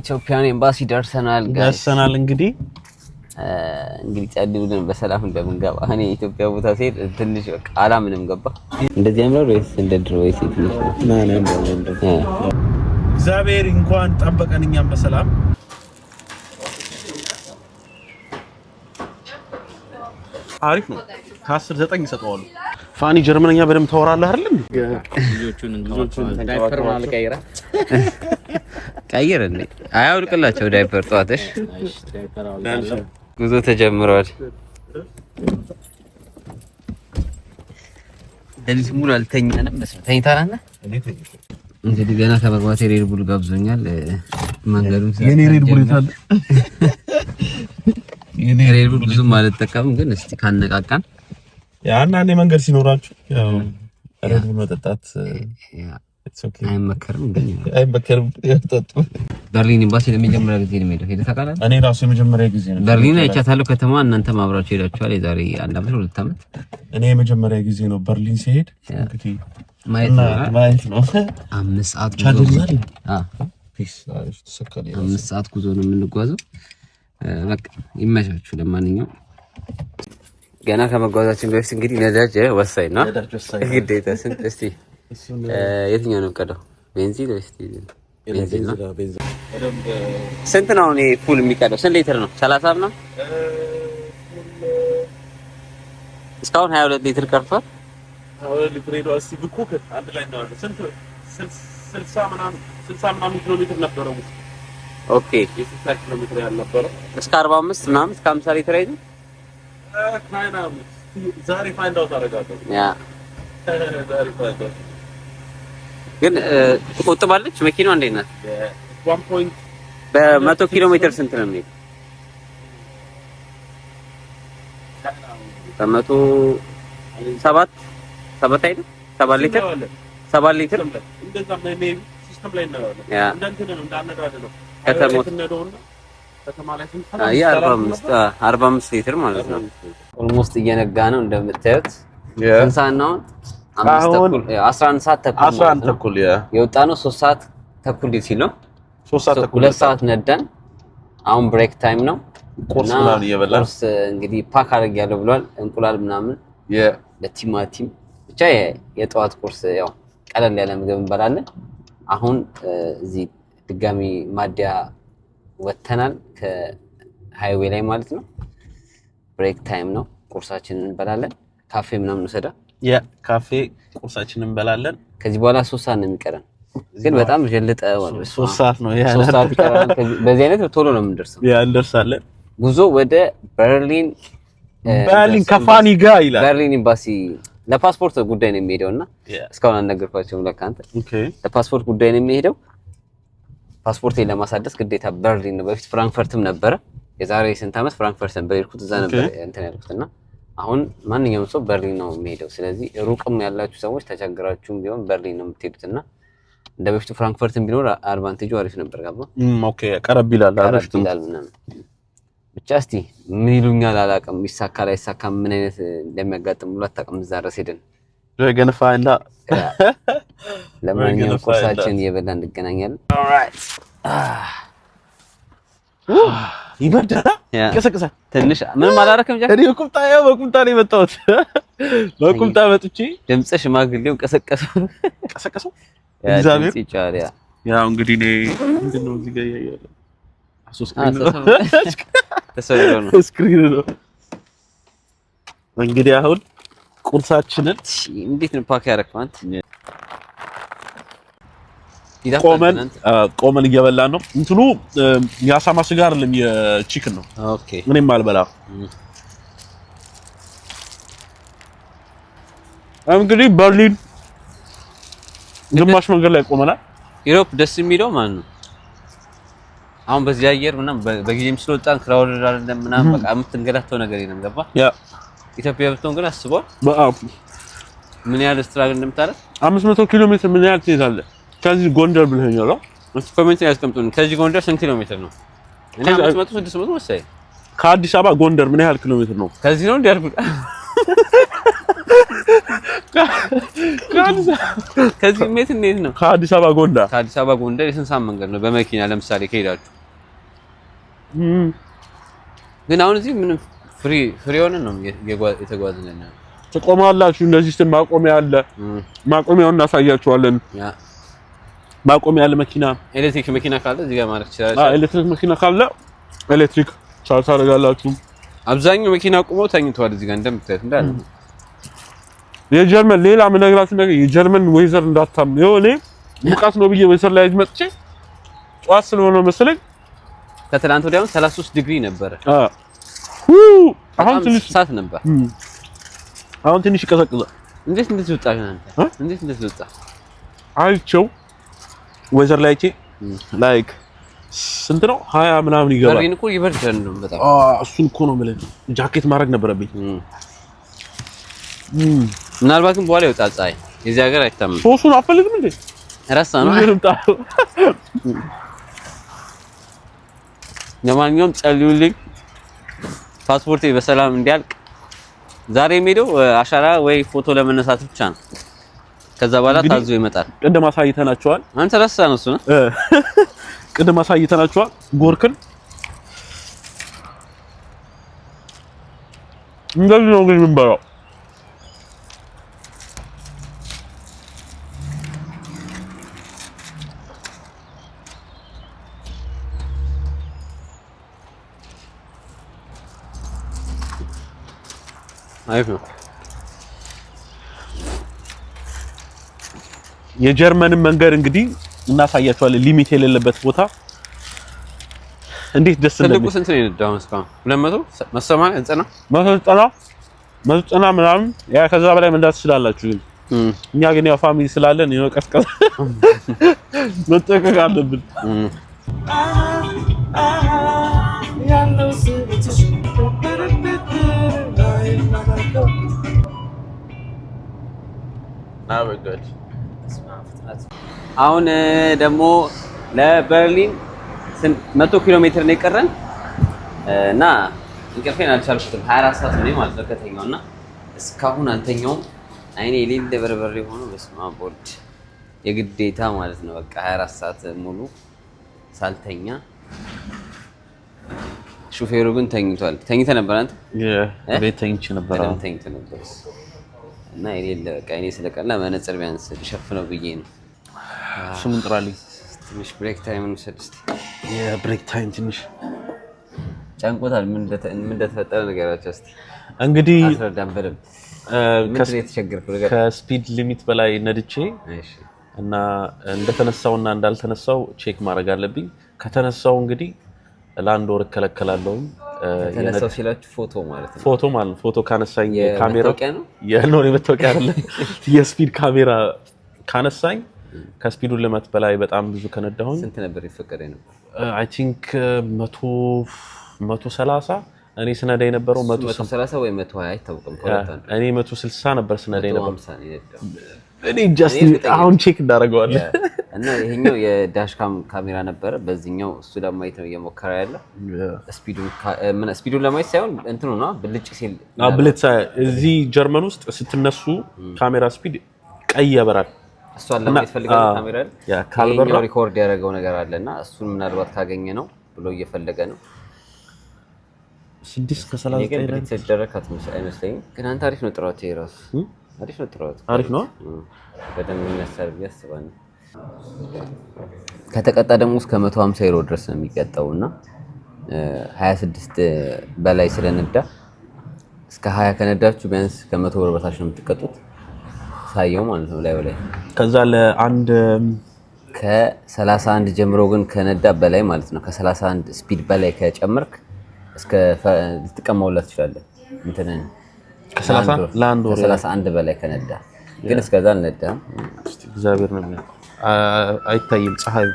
ኢትዮጵያን ኤምባሲ ደርሰናል ደርሰናል። እንግዲህ እንግዲህ ብለን በሰላም እንደምንገባ። እኔ የኢትዮጵያ ቦታ ሲሄድ ትንሽ በቃ ምንም ገባ። እንደዚህ ያምራል ወይስ እንደ ድሮ ወይስ ትንሽ እግዚአብሔር እንኳን ጠበቀን እኛም በሰላም አሪፍ ነው። ከአስር ዘጠኝ ይሰጠዋሉ። ፋኒ ጀርመንኛ በደንብ ታወራለህ አይደል? ቀይር እንዴ! አያውልቅላቸው ዳይፐር ጠዋትሽ። ጉዞ ተጀምሯል። ደንስ ሙሉ አልተኛንም። ተኝታናና እንግዲህ ገና ከመግባት ሬድ ቡል ጋብዞኛል። መንገዱን የኔ ሬድ ቡል ይታል የኔ ሬድ ቡል ብዙም አልጠቀምም፣ ግን እስቲ ካነቃቃን አንዳንዴ መንገድ ሲኖራችሁ ረድ መጠጣት አይመከርም፣ ግን አይመከርም። በርሊን ኤምባሲ ለመጀመሪያ ጊዜ ነው የምሄደው። ሄደህ ታውቃለህ? እኔ ራሱ የመጀመሪያ ጊዜ ነው በርሊን አይቻታለሁ። ከተማ እናንተ አብራችሁ ሄዳችኋል። የዛሬ አንድ ዓመት ሁለት አመት። እኔ የመጀመሪያ ጊዜ ነው በርሊን ሲሄድ ማየት ነው። አምስት ሰዓት ጉዞ ነው የምንጓዘው። በቃ ይመቻችሁ። ለማንኛውም ገና ከመጓዛችን በፊት እንግዲህ ነዳጅ ወሳኝ ነው፣ ግዴታ። ስንት እስቲ የትኛው ነው ቀደው? ቤንዚን ወይስ ዲዝል? ስንት ነው እኔ ፉል የሚቀደው? ስንት ሊትር ነው? ሰላሳ ነው። እስካሁን ሀያ ሁለት ሊትር ቀርቷል። ኦኬ እስከ አርባ አምስት ምናምን እስከ ሀምሳ ሊትር አይደል ዛሬ ፋይንድ ግን ትቆጥባለች መኪናዋ። እንዴት ናት? በመቶ ኪሎ ሜትር ስንት ነው የሚሄድ? በመቶ ሰባት ሰባት አይደል? ሰባት ሊትር ሰባት ሊትር እንደዛ ነው። ሲስተም ላይ ነው እንደ ከተሞት አይ ሊትር ማለት ነው። ኦልሞስት እየነጋ ነው እንደምታዩት። ስንት ነው? አሁን ሰዓት ተኩል 11 ተኩል የወጣ ነው። ሰዓት ተኩል ሲል ነው። ሰዓት ነዳን። አሁን ብሬክ ታይም ነው። ቁርስ ምናምን እየበላን ቁርስ እንግዲህ ፓክ አድርጌያለሁ ብሏል። እንቁላል ምናምን ለቲማቲም ብቻ የጠዋት ቁርስ ያው ቀለል ያለ ምግብ እንበላለን። አሁን እዚህ ድጋሚ ማዲያ ወተናል ከሃይዌ ላይ ማለት ነው። ብሬክ ታይም ነው። ቁርሳችንን እንበላለን። ካፌ ምናምን ሰዳ ያ ካፌ ቁርሳችንን እንበላለን። ከዚህ በኋላ ሶስት ሰዓት ነው የሚቀረን፣ ግን በጣም ጀልጠ ሶስት ሰዓት ነው። በዚህ አይነት ቶሎ ነው የምንደርሰው። ያ እንደርሳለን። ጉዞ ወደ በርሊን በርሊን ከፋኒ ጋ ይላል። በርሊን ኤምባሲ ለፓስፖርት ጉዳይ ነው የሚሄደው እና እስካሁን አልነገርኳቸውም። ለካ ለፓስፖርት ጉዳይ ነው የሚሄደው ፓስፖርቴን ለማሳደስ ግዴታ በርሊን በፊት ፍራንክፈርትም ነበረ። የዛሬ ስንት ዓመት ፍራንክፈርትን በሄድኩት እዛ ነበር እንትን ያልኩት እና አሁን ማንኛውም ሰው በርሊን ነው የሚሄደው። ስለዚህ ሩቅም ያላችሁ ሰዎች ተቸግራችሁም ቢሆን በርሊን ነው የምትሄዱት እና እንደ በፊቱ ፍራንክፈርትን ቢኖር አድቫንቴጁ አሪፍ ነበር። ጋባ ቀረብ ይላል ብቻ እስቲ ምን ይሉኛል አላውቅም። ይሳካ ላይሳካ ምን አይነት እንደሚያጋጥም ሁሉ አታውቅም። እዛ ድረስ ሄደን ገንፋና ለማንኛውም ቁርሳችን የበላ እንገናኛለን። ይበርዳል፣ ይቀሰቅሳል። ትንሽ ምንም አላደረክም። ጃክ እኔ ቁምጣ ያው በቁምጣ ነው የመጣሁት። በቁምጣ መጥቼ ድምፅህ ሽማግሌውን ቀሰቀሰው፣ ቀሰቀሰው። ያው እንግዲህ እኔ ምንድን ነው እዚህ ጋር እያየሁ እንግዲህ አሁን ቁርሳችንን እንዴት ነው ፓክ ያደረግኳት? ቆመን ቆመን እየበላን ነው። እንትኑ የአሳማ ስጋ አይደለም የቺክን ነው። ኦኬ አልበላ። እንግዲህ በርሊን ግማሽ መንገድ ላይ ቆመናል። ደስ የሚለው ማለት ነው አሁን በዚህ አየር ምናምን በጊዜም ስለወጣን ክራውድ አይደለም ምናምን በቃ የምትንገላተው ነገር የለም ገባ ኢትዮጵያ ብትሆን ግን አስቧል። በጣም ምን ያህል ስትራግል እንደምታረግ 500 ኪሎ ሜትር ምን ያህል ትይዛለህ? ከዚህ ጎንደር ብለኸኛል። እስኪ ኮሜንት ያስቀምጡን። ከዚህ ጎንደር ስንት ኪሎ ሜትር ነው? እኔ 500 600 ወሰደኝ። ከአዲስ አበባ ጎንደር ምን ያህል ኪሎ ሜትር ነው? ከዚህ ነው እንዲያርጉ ከዚህ ሜት እንዴት ነው? ከአዲስ አበባ ጎንደር ከአዲስ አበባ ጎንደር የስንት ሰዓት መንገድ ነው በመኪና ለምሳሌ ከሄዳችሁ? ግን አሁን እዚህ ምንም ፍሪ ፍሪ ሆነ ነው የተጓዝነን። ትቆማላችሁ። እንደዚህ ስን ማቆሚያ አለ። ማቆሚያውን እናሳያችኋለን። ማቆሚያ አለ። መኪና ኤሌክትሪክ መኪና ካለ እዚህ ጋር ማድረግ ትችላለህ። ኤሌክትሪክ መኪና ካለ ኤሌክትሪክ ቻርጅ ታደርጋላችሁ። አብዛኛው መኪና ቁመው ተኝተዋል። እዚህ ጋር እንደምታዩት እንዳለ የጀርመን ሌላ የምነግራችሁ ነገር የጀርመን ወይዘር እንዳታም የሆነ ሙቀት ነው ብዬ ወይዘር ላይ መጥቼ ጠዋት ስለሆነ መስለኝ ከትናንት ወዲያውም 33 ዲግሪ ነበረ። አሁን ትንሽ ሳት ነበር። አሁን ትንሽ ይቀዘቅዛል። እንዴት እንደዚህ ወጣ እንዴት እንደዚህ ወጣ? አይቼው ላይ ላይክ ስንት ነው? ሀያ ምናምን ይገባል። አሬን እኮ ይበርዳል ነው በጣም አዎ፣ እሱን እኮ ነው የምልህ። ጃኬት ማድረግ ነበረብኝ። ምናልባትም በኋላ ይወጣል ፀሐይ። የዚህ ሀገር አይታመም። ሶሱን አፈልግም እንዴ ረሳ ነው። ለማንኛውም ጸልዩልኝ። ፓስፖርቴ በሰላም እንዲያልቅ ዛሬ የሚሄደው አሻራ ወይ ፎቶ ለመነሳት ብቻ ነው። ከዛ በኋላ ታዞ ይመጣል። ቅድም አሳይተናቸዋል። አንተ ረሳ ነው እሱ ነው። ቅድም አሳይተናቸዋል። ጎርክን እንደዚህ ነው ግን የምንበላው አሪፍ ነው። የጀርመንን መንገድ እንግዲህ እናሳያቸዋለን። ሊሚት የሌለበት ቦታ እንዴት ደስ እንደሚል ትልቁ ስንት ነው የነዳው? እስካሁን 200 180 190 ምናምን ያ ከዛ በላይ መንዳት ትችላላችሁ። ግን እኛ ግን ያው ፋሚሊ ስላለን ነው ቀስቀስ መጠቀቅ አለብን። Ah, አሁን ደግሞ ለበርሊን መቶ ኪሎ ሜትር ነው የቀረን እና እንቅልፌን አልቻልኩትም። 24 ሰዓት ነው ማለት ነው ከተኛው እና እስካሁን አልተኛውም። አይኔ የሌለ በርበሬ ሆኖ በስማ ቦርድ የግዴታ ማለት ነው በቃ 24 ሰዓት ሙሉ ሳልተኛ። ሹፌሩ ግን ተኝቷል። ተኝተ ነበር አንተ? ቤት ተኝቼ ነበር። ተኝተ ነበር እና የሌለ በቃ እኔ ስለቀላ መነፅር ቢያንስ ልሸፍነው ብዬ ነው። ስሙን ጥራልኝ። ትንሽ ብሬክ ታይም እንውሰድ እስኪ። የብሬክ ታይም ትንሽ ጨንቆታል። ምን እንደተፈጠረ ነገራቸው እስኪ። እንግዲህ አስረዳን በደምብ። ከስፒድ ሊሚት በላይ ነድቼ እና እንደተነሳው እና እንዳልተነሳው ቼክ ማድረግ አለብኝ። ከተነሳው እንግዲህ ለአንድ ወር እከለከላለሁም። የተነሳው ሲላችሁ ፎቶ ማለት ነው። ፎቶ ማለት ፎቶ ካነሳኝ ካሜራ ነው የመታወቂያ አይደለም፣ የስፒድ ካሜራ ካነሳኝ ከስፒዱ ልመት በላይ በጣም ብዙ ከነዳሁኝ። ስንት ነበር የፈቀደ ነው? አይ ቲንክ መቶ መቶ ሰላሳ እኔ ስነዳ የነበረው መቶ ሰላሳ ወይ መቶ ሀያ አይታወቅም። እኔ መቶ ስልሳ ነበር ስነዳ የነበረው። እኔ ጃስት አሁን ቼክ እንዳደረገዋለን እና ይሄኛው የዳሽካም ካሜራ ነበረ። በዚህኛው እሱ ለማየት ነው እየሞከረ ያለ ስፒዱን ለማየት ሳይሆን እንትኑ ና ብልጭ ሲል ብልጭ። እዚህ ጀርመን ውስጥ ስትነሱ ካሜራ ስፒድ ቀይ ያበራል። እሷን ለማየት ፈልገ ሪኮርድ ያደረገው ነገር አለ እና እሱን ምናልባት ካገኘ ነው ብሎ እየፈለገ ነው። ስድስት ግን አንተ አሪፍ ነው ጥራት፣ ራሱ አሪፍ ነው ጥራት፣ አሪፍ ነው በደንብ ይነሳል ብዬ አስባለሁ። ከተቀጣ ደግሞ እስከ 150 ዩሮ ድረስ ነው የሚቀጣው እና 26 በላይ ስለነዳ እስከ 20 ከነዳችሁ ቢያንስ ከ100 ብር በታች ነው የምትቀጡት። ሳየው ማለት ነው ላይ ላይ ከዛ ለአንድ ከ31 ጀምሮ ግን ከነዳ በላይ ማለት ነው ከ31 ስፒድ በላይ ከጨመርክ እስከ ልትቀማውላት ትችላለህ። እንትን ከ31 በላይ ከነዳ ግን እስከዛ አልነዳም። እግዚአብሔር ነው የሚያውቀው። አይታይም ፀሐዩ።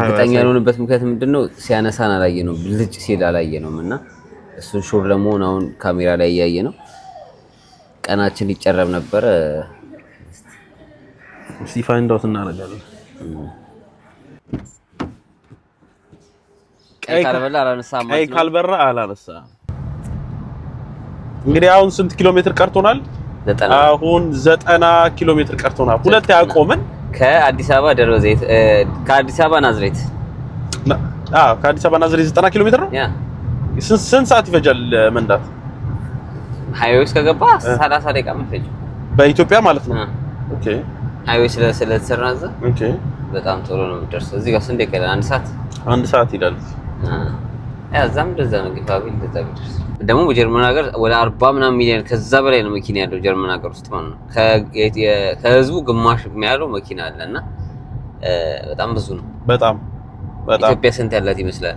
እርግጠኛ ያልሆንበት ምክንያት ምንድነው? ሲያነሳን አላየ ነው ብልጭ ሲል አላየ ነው እና እሱን ሹር ለመሆን አሁን ካሜራ ላይ እያየ ነው። ቀናችን ሊጨረብ ነበረ። እስቲ ፋይንድ አውት እናደርጋለን። ቀይ ካልበራ አላነሳ። እንግዲህ አሁን ስንት ኪሎ ሜትር ቀርቶናል? አሁን ዘጠና ኪሎ ሜትር ቀርቶናል። ሁለት ያቆምን ከአዲስ አበባ ደብረ ዘይት ከአዲስ አበባ ናዝሬት አዎ፣ ከአዲስ አበባ ናዝሬት 90 ኪሎ ሜትር ነው። ስንት ሰዓት ይፈጃል መንዳት? ሃይዌይ ውስጥ ከገባ 30 ደቂቃ መፈጅ በኢትዮጵያ ማለት ነው። ኦኬ፣ ሃይዌይ ስለ ስለተሰራ እዛ ኦኬ፣ በጣም ጥሩ ነው የምትደርሰው። እዚህ ጋር ስንት ደቂቃ ይላል? አንድ ሰዓት አንድ ሰዓት ይላል። ያ እዛም እንደዛ ነው ግፋ ቢል እንደዛ ቢደርስ ደግሞ በጀርመን ሀገር ወደ አርባ ምናምን ሚሊዮን ከዛ በላይ ነው መኪና ያለው ጀርመን ሀገር ውስጥ ማለት ነው። ከህዝቡ ግማሽ የሚያለው መኪና አለ እና በጣም ብዙ ነው። በጣም ኢትዮጵያ ስንት ያላት ይመስላል?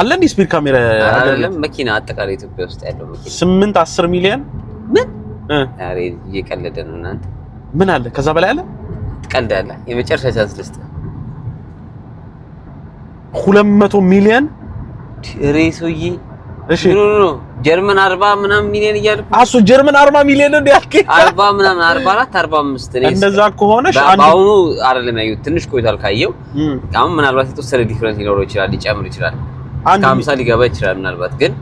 አለ እንዲህ ስፒድ ካሜራ አይደለም መኪና አጠቃላይ ኢትዮጵያ ውስጥ ያለው መኪና ስምንት አስር ሚሊዮን ምን? ኧረ እየቀለደ ነው እናንተ። ምን አለ ከዛ በላይ አለ? ትቀልዳለህ። የመጨረሻ ቻንስ ልስጥህ፣ ሁለት መቶ ሚሊዮን ሬ ሰውዬ እሺ ጀርመን 40 ምናምን ሚሊዮን እያልኩ አሱ ጀርመን 40 ሚሊዮን ነው ያልከኝ? 40 ምናምን 44 45 ነው። እንደዛ ከሆነ በአሁኑ አይደለም ያየሁት፣ ትንሽ ቆይቷል ካየው። አሁን ምናልባት የተወሰነ ዲፍረንስ ሊኖረው ይችላል፣ ሊጨምር ይችላል፣ ከሀምሳ ሊገባ ይችላል። ምናልባት ግን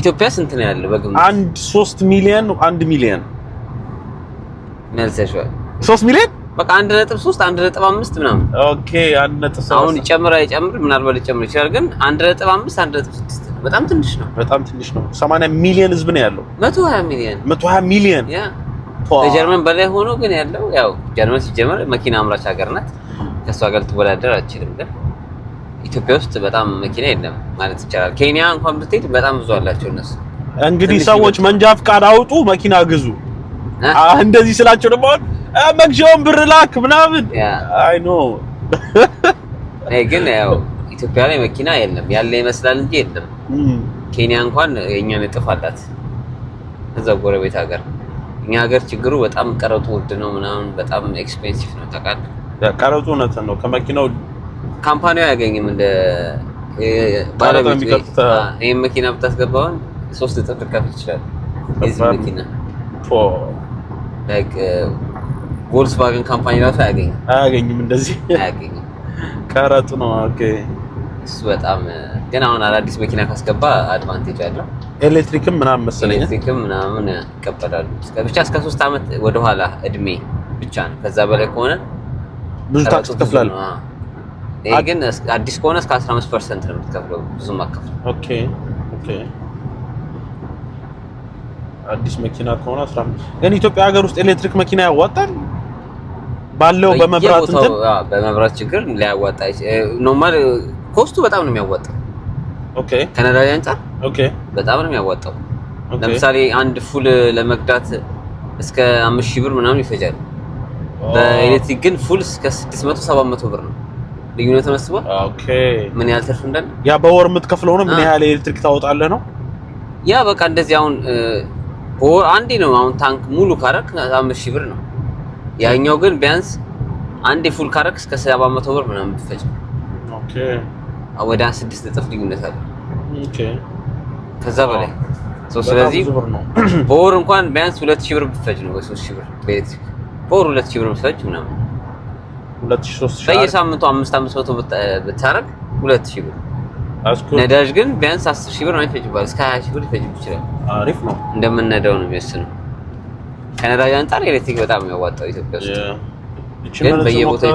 ኢትዮጵያ ስንት ነው ያለው በግምት? አንድ 3 ሚሊዮን አንድ ሚሊዮን መልሰሽዋል። 3 ሚሊዮን በቃ 1.3 1.5 ምናምን። ኦኬ 1.3 አሁን ይጨምራል፣ ይጨምር ምናልባት ሊጨምር ይችላል፣ ግን 1.5 1.6 በጣም ትንሽ ነው። በጣም ትንሽ ነው። 80 ሚሊዮን ህዝብ ነው ያለው። 120 ሚሊዮን 120 ሚሊዮን ከጀርመን በላይ ሆኖ ግን ያለው ያው ጀርመን ሲጀመር መኪና አምራች ሀገር ናት። ከእሷ ጋር ልትወዳደር አችልም። ግን ኢትዮጵያ ውስጥ በጣም መኪና የለም ማለት ይቻላል። ኬንያ እንኳን ብትሄድ በጣም ብዙ አላቸው እነሱ። እንግዲህ ሰዎች መንጃ ፍቃድ አውጡ፣ መኪና ግዙ። እንደዚህ ስላቸው ደግሞ መግዣውን ብር ላክ ምናምን አይ ኖ ግን ያው ኢትዮጵያ ላይ መኪና የለም ያለ ይመስላል እንጂ የለም። ኬንያ እንኳን የእኛን እጥፍ አላት። እዛ ጎረቤት ሀገር እኛ ሀገር ችግሩ በጣም ቀረጡ ውድ ነው ምናምን፣ በጣም ኤክስፔንሲቭ ነው ታውቃለህ። ቀረጡ እውነት ነው። ከመኪናው ካምፓኒው አያገኝም እንደ ባለቤት ይህን መኪና ብታስገባውን ሶስት እጥፍ ልከፍል ይችላል። የዚህ መኪና ቮልስቫገን ካምፓኒ ራሱ አያገኝም አያገኝም እንደዚህ አያገኝም። ቀረጡ ነው ኦኬ እሱ በጣም ግን አሁን አዳዲስ መኪና ካስገባ አድቫንቴጅ አለው። ኤሌክትሪክም ምናምን መሰለኝ ኤሌክትሪክም ምናምን ይቀበላሉ። ብቻ እስከ ሶስት ዓመት ወደኋላ እድሜ ብቻ ነው። ከዛ በላይ ከሆነ ብዙ ታክስ ትከፍላለህ። ይሄ ግን አዲስ ከሆነ እስከ 15 ፐርሰንት ነው የምትከፍለው። ብዙም አከፍል። ኦኬ ኦኬ። አዲስ መኪና ከሆነ 15 ግን ኢትዮጵያ ሀገር ውስጥ ኤሌክትሪክ መኪና ያዋጣል ባለው በመብራት እንትን በመብራት ችግር ሊያዋጣ ኖርማል ኮስቱ በጣም ነው የሚያዋጣው። ኦኬ ከነዳጅ አንጻር ኦኬ በጣም ነው የሚያዋጣው። ለምሳሌ አንድ ፉል ለመግዳት እስከ 5000 ብር ምናምን ይፈጃል። በኤሌክትሪክ ግን ፉል እስከ 600 700 ብር ነው ልዩነቱ አስበው። ኦኬ ምን ያህል ትርፍ እንዳለ ያ በወር የምትከፍለው ነው። ምን ያህል ኤሌክትሪክ ታወጣለህ ነው ያ በቃ እንደዚህ አሁን በወር አንዴ ነው። አሁን ታንክ ሙሉ ካረክ 5000 ብር ነው። ያኛው ግን ቢያንስ አንዴ ፉል ካረክ እስከ 700 ብር ምናምን ትፈጃል። ኦኬ ወደ ስድስት እጥፍ ልዩነት አለ። ከዛ በላይ ስለዚህ በወር እንኳን ቢያንስ ሁለት ሺህ ብር ብትፈጅ ነው ወይ ሶስት ሺህ ብር በኤሌክትሪክ በወር ሁለት ሺህ ብር ብትፈጅ ምናምን በየሳምንቱ አምስት አምስት መቶ ብታረግ ሁለት ሺህ ብር ነዳጅ ግን ቢያንስ አስር ሺህ ብር ነው ይፈጅባል። እስከ ሀያ ሺህ ብር ይፈጅ ይችላል። አሪፍ ነው። እንደምንነዳው ነው የሚወስነው። ከነዳጅ አንጻር ኤሌክትሪክ በጣም የሚያዋጣው ኢትዮጵያ ውስጥ ግን በየቦታው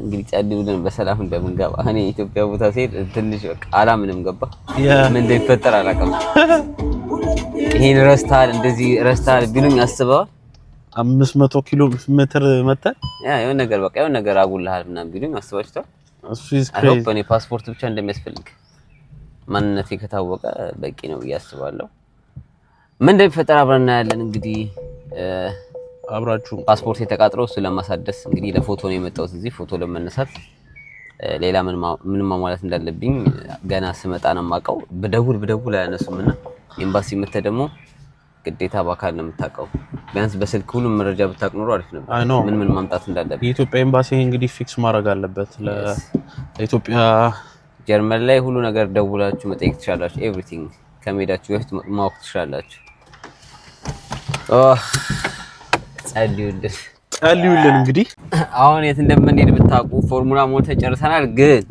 እንግዲህ ጫድ ብለን በሰላም እንደምንገባ እኔ ኢትዮጵያ ቦታ ሲሄድ ትንሽ አላምንም ገባ ምን እንደሚፈጠር አላውቅም። ይሄን ረስተሃል እንደዚህ ረስተሃል ቢሉኝ አስበዋል። አምስት መቶ ኪሎ ሜትር መተህ የሆነ ነገር በቃ የሆነ ነገር አጉልሃል ምናምን ቢሉኝ አስባችኋል። እኔ ፓስፖርት ብቻ እንደሚያስፈልግ ማንነቴ ከታወቀ በቂ ነው ብዬ አስባለሁ። ምን እንደሚፈጠር አብረን እናያለን እንግዲህ አብራችሁ ፓስፖርት የተቃጥለው እሱ ለማሳደስ እንግዲህ ለፎቶ ነው የመጣሁት እዚህ ፎቶ ለመነሳት። ሌላ ምን ማሟላት እንዳለብኝ ገና ስመጣ ነው የማውቀው። ብደውል ብደውል አያነሱም እና ኤምባሲ መተህ ደግሞ ግዴታ በአካል ነው የምታውቀው። ቢያንስ በስልክ ሁሉም መረጃ ብታውቅ ኖሮ አሪፍ ነው፣ ምን ምን ማምጣት እንዳለብኝ የኢትዮጵያ ኤምባሲ እንግዲህ ፊክስ ማድረግ አለበት ለኢትዮጵያ። ጀርመን ላይ ሁሉ ነገር ደውላችሁ መጠየቅ ትችላላችሁ። ኤቭሪቲንግ ከመሄዳችሁ በፊት ማወቅ ትችላላችሁ። ጸልዩልን ጸልዩልን። እንግዲህ አሁን የት እንደምንሄድ ብታውቁ ፎርሙላ ሞተ ጨርሰናል። ግን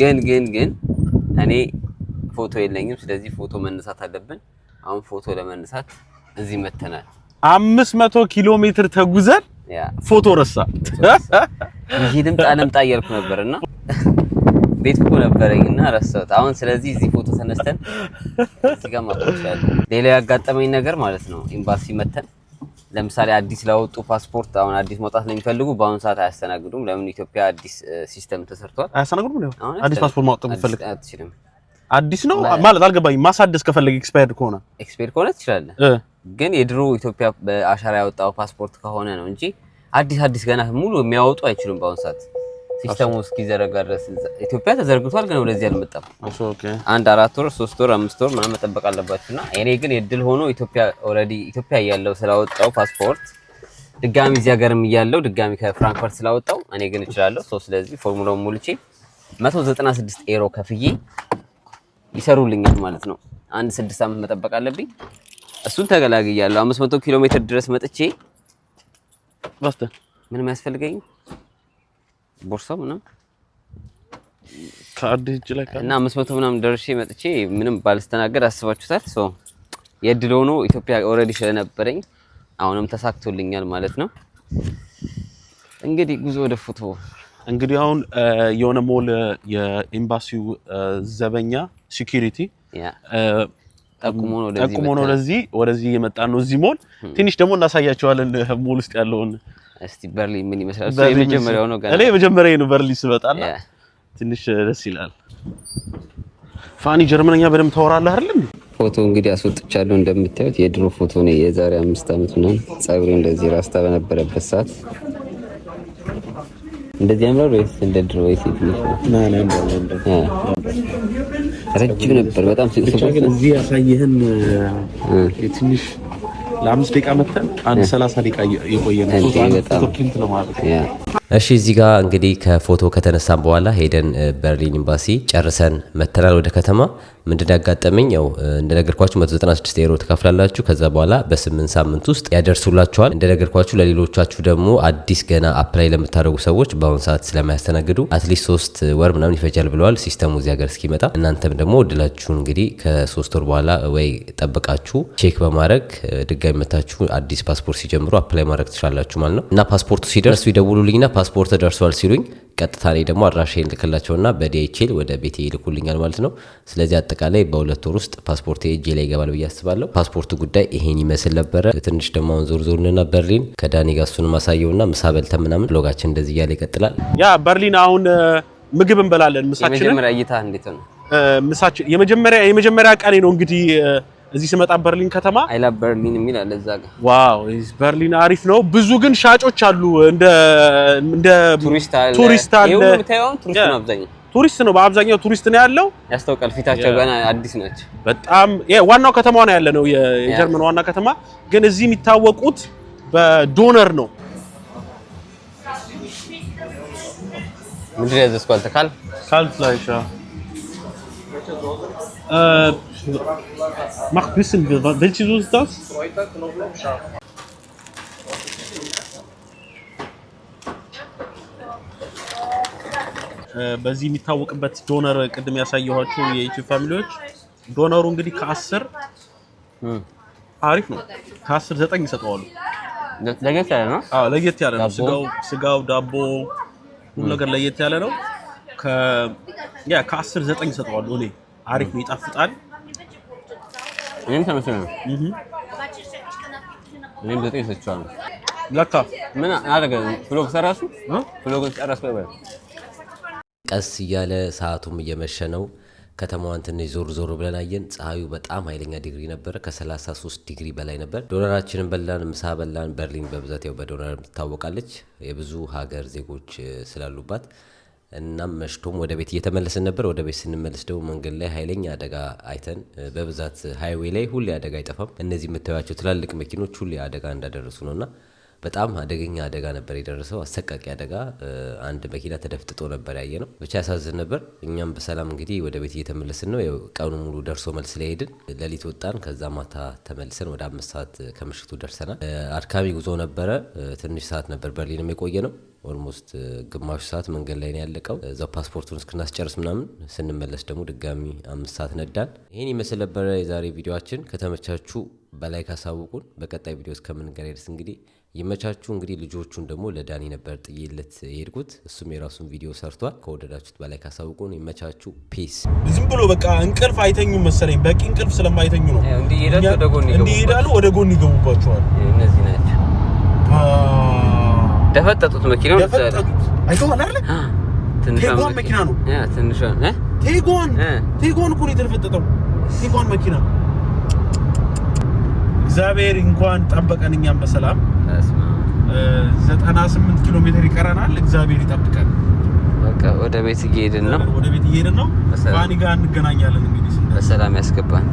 ግን ግን ግን እኔ ፎቶ የለኝም። ስለዚህ ፎቶ መነሳት አለብን። አሁን ፎቶ ለመነሳት እዚህ መተናል። አምስት መቶ ኪሎ ሜትር ተጉዘን ፎቶ ረሳ ይሄ ልምጣ ልምጣ እያልኩ እና ቤት እኮ እና ረሳሁት። አሁን ስለዚህ እዚህ ፎቶ ተነስተን እዚህ ሌላ ያጋጠመኝ ነገር ማለት ነው ኤምባሲ መተን ለምሳሌ አዲስ ላወጡ ፓስፖርት አሁን አዲስ መውጣት ለሚፈልጉ በአሁኑ ሰዓት አያስተናግዱም። ለምን ኢትዮጵያ አዲስ ሲስተም ተሰርቷል። አያስተናግዱም። አዲስ ፓስፖርት ማውጣት ፈልግ አትችልም። አዲስ ነው ማለት አልገባኝም። ማሳደስ ከፈለገ ኤክስፓየርድ ከሆነ ኤክስፓየርድ ከሆነ ትችላለህ። ግን የድሮ ኢትዮጵያ በአሻራ ያወጣው ፓስፖርት ከሆነ ነው እንጂ አዲስ አዲስ ገና ሙሉ የሚያወጡ አይችሉም በአሁኑ ሰዓት ሲስተሙ እስኪዘረጋ ድረስ ኢትዮጵያ ተዘርግቷል፣ ግን ወደዚህ አልመጣም። አንድ አራት ወር ሶስት ወር አምስት ወር ምናምን መጠበቅ አለባችሁ እና እኔ ግን የድል ሆኖ ኢትዮጵያ ኦልሬዲ ኢትዮጵያ እያለሁ ስላወጣው ፓስፖርት ድጋሚ እዚህ ሀገርም እያለሁ ድጋሚ ከፍራንክፈርት ስላወጣው እኔ ግን እችላለሁ። ሶ ስለዚህ ፎርሙላውን ሞልቼ 196 ኤሮ ከፍዬ ይሰሩልኛል ማለት ነው። አንድ ስድስት ዓመት መጠበቅ አለብኝ። እሱን ተገላግያለሁ። 500 ኪሎ ሜትር ድረስ መጥቼ ምንም ያስፈልገኝ ቦርሳ ምናምን ከአንድ እጅ ላይ እና አምስት መቶ ምናምን ደርሼ መጥቼ ምንም ባልስተናገድ አስባችሁታል። የድል ሆኖ ኢትዮጵያ ኦልሬዲ ስለነበረኝ አሁንም ተሳክቶልኛል ማለት ነው። እንግዲህ ጉዞ ወደ ፎቶ እንግዲህ አሁን የሆነ ሞል የኤምባሲው ዘበኛ ሲኪሪቲ ጠቁሞ ነው ወደዚህ የመጣ ነው። እዚህ ሞል ትንሽ ደግሞ እናሳያቸዋለን ሞል ውስጥ ያለውን እስቲ በርሊን ምን ይመስላል? እሱ የመጀመሪያው ነው። ገና እኔ የመጀመሪያዬ ነው በርሊን ስመጣና ትንሽ ደስ ይላል። ፋኒ ጀርመንኛ በደንብ ታወራለህ አይደል? ፎቶ እንግዲህ አስወጥቻለሁ እንደምታዩት የድሮ ፎቶ ነው። የዛሬ አምስት ዓመት ምናምን ጸጉሬ እንደዚህ ራስታ በነበረበት ሰዓት እንደዚህ ያምራል ወይስ እንደ ድሮ ወይስ ትንሽ ረጅም ነበር በጣም ሲሱ እዚህ ያሳየህን የትንሽ ለአምስት ደቂቃ መተን አንድ ሰላሳ ደቂቃ የቆየ ነው ቱርክ ለማለት እሺ እዚህ ጋር እንግዲህ ከፎቶ ከተነሳን በኋላ ሄደን በርሊን ኤምባሲ ጨርሰን መተናል ወደ ከተማ። ምንድን ያጋጠመኝ ያው እንደነገርኳችሁ 196 ኤሮ ትከፍላላችሁ። ከዛ በኋላ በስምንት ሳምንት ውስጥ ያደርሱላችኋል። እንደነገርኳችሁ ለሌሎቻችሁ ደግሞ አዲስ ገና አፕላይ ለምታደርጉ ሰዎች በአሁኑ ሰዓት ስለማያስተናግዱ አትሊስት ሶስት ወር ምናምን ይፈጃል ብለዋል ሲስተሙ እዚህ ሀገር እስኪመጣ። እናንተም ደግሞ እድላችሁን እንግዲህ ከሶስት ወር በኋላ ወይ ጠብቃችሁ ቼክ በማድረግ ድጋሚ መታችሁ አዲስ ፓስፖርት ሲጀምሩ አፕላይ ማድረግ ትችላላችሁ ማለት ነው እና ፓስፖርቱ ሲደርስ ይደውሉልኝና ፓስፖርት ደርሷል ሲሉኝ ቀጥታ ላይ ደግሞ አድራሻዬን ልክላቸውና በዲኤችኤል ወደ ቤቴ ይልኩልኛል ማለት ነው። ስለዚህ አጠቃላይ በሁለት ወር ውስጥ ፓስፖርት እጄ ላይ ይገባል ብዬ አስባለሁ። ፓስፖርቱ ጉዳይ ይሄን ይመስል ነበረ። ትንሽ ደግሞ አሁን ዞር ዞርንና በርሊን ከዳኒ ጋር እሱን ማሳየውና ምሳ በልተን ምናምን ሎጋችን እንደዚህ እያለ ይቀጥላል። ያ በርሊን አሁን ምግብ እንበላለን። ምሳችን የመጀመሪያ እይታ እንዴት ነው? ምሳችን የመጀመሪያ የመጀመሪያ ቀኔ ነው እንግዲህ እዚህ ስመጣ በርሊን ከተማ አይ ላቭ በርሊን የሚል አለ እዛ ጋር። ዋው በርሊን አሪፍ ነው። ብዙ ግን ሻጮች አሉ እንደ እንደ ቱሪስት አለ ቱሪስት አለ። ቱሪስት ነው አብዛኛው ቱሪስት ነው በአብዛኛው ቱሪስት ነው ያለው። ያስታውቃል። ፊታቸው ገና አዲስ ናቸው በጣም ዋናው ከተማ ነው ያለ ነው የጀርመን ዋና ከተማ። ግን እዚህ የሚታወቁት በዶነር ነው። ምንድን ነው ያዘዝኩ አልተካል ካልት ላይ Mach ein bisschen. Welche Soße ist das? Kräuter, Knoblauch, Schaf. በዚህ የሚታወቅበት ዶነር ቅድም ያሳየኋችሁ የኢትዮ ፋሚሊዎች ዶነሩ እንግዲህ ከአስር አሪፍ ነው። ከአስር ዘጠኝ ይሰጠዋሉ። ለየት ያለ ነው። አዎ ለየት ያለ ነው። ስጋው ስጋው፣ ዳቦ ሁሉ ነገር ለየት ያለ ነው። ከ ያ ከአስር ዘጠኝ ይሰጠዋሉ። እኔ አሪፍ ነው፣ ይጣፍጣል። እኔም ተመችቶኝ ነው። እኔም ዘጠኝ ሰጥቼዋለሁ። ለካ ምን አደረገ? ፍሎግ ሰራሱ ፍሎግ ጨረሱ። ቀስ እያለ ሰዓቱም እየመሸ ነው። ከተማዋን ትንሽ ዞር ዞር ብለን አየን። ፀሐዩ በጣም ኃይለኛ ዲግሪ ነበረ፣ ከ33 ዲግሪ በላይ ነበር። ዶላራችንን በላን፣ ምሳ በላን። በርሊን በብዛት ያው በዶላር ትታወቃለች፣ የብዙ ሀገር ዜጎች ስላሉባት እናም መሽቶም ወደ ቤት እየተመለስን ነበር። ወደ ቤት ስንመለስ ደግሞ መንገድ ላይ ኃይለኛ አደጋ አይተን በብዛት ሀይዌ ላይ ሁሌ አደጋ አይጠፋም። እነዚህ የምታዩቸው ትላልቅ መኪኖች ሁሌ አደጋ እንዳደረሱ ነውና በጣም አደገኛ አደጋ ነበር የደረሰው፣ አሰቃቂ አደጋ። አንድ መኪና ተደፍጥጦ ነበር ያየ ነው። ብቻ ያሳዝን ነበር። እኛም በሰላም እንግዲህ ወደ ቤት እየተመለስን ነው። ቀኑ ሙሉ ደርሶ መልስ ሊሄድን ሌሊት ወጣን። ከዛ ማታ ተመልሰን ወደ አምስት ሰዓት ከምሽቱ ደርሰናል። አድካሚ ጉዞ ነበረ። ትንሽ ሰዓት ነበር በርሊንም የቆየ ነው። ኦልሞስት ግማሽ ሰዓት መንገድ ላይ ነው ያለቀው። እዛው ፓስፖርቱን እስክናስጨርስ ምናምን ስንመለስ ደግሞ ድጋሚ አምስት ሰዓት ነዳን። ይህን ይመስል ነበረ የዛሬ ቪዲዮችን። ከተመቻቹ በላይ ካሳውቁን። በቀጣይ ቪዲዮ እስከምንገናኝ ድረስ እንግዲህ ይመቻችሁ። እንግዲህ ልጆቹን ደግሞ ለዳኒ ነበር ጥዬለት የሄድኩት። እሱም የራሱን ቪዲዮ ሰርቷል። ከወደዳችሁት በላይ ካሳውቁን። ይመቻችሁ። ፔስ። ዝም ብሎ በቃ እንቅልፍ አይተኙ መሰለኝ። በቂ እንቅልፍ ስለማይተኙ ነው እንዲሄዳሉ ወደ ጎን ይገቡባቸዋል። እነዚህ ናቸው ደፈጠጡት። መኪናው ደፈጠጡት። አይተኸዋል መኪና ነው ትንሿን ቴጓን ቴጎን እኮ ነው የተፈጠጠው። ቴጓን መኪና እግዚአብሔር እንኳን ጠበቀን እኛም በሰላም ዘጠና ስምንት ኪሎ ሜትር ይቀረናል። እግዚአብሔር ይጠብቀን። በቃ ወደ ቤት እየሄድን ነው። ወደ ቤት እየሄድን ነው። ፋኒ ጋር እንገናኛለን። እንግዲህ በሰላም ያስገባን።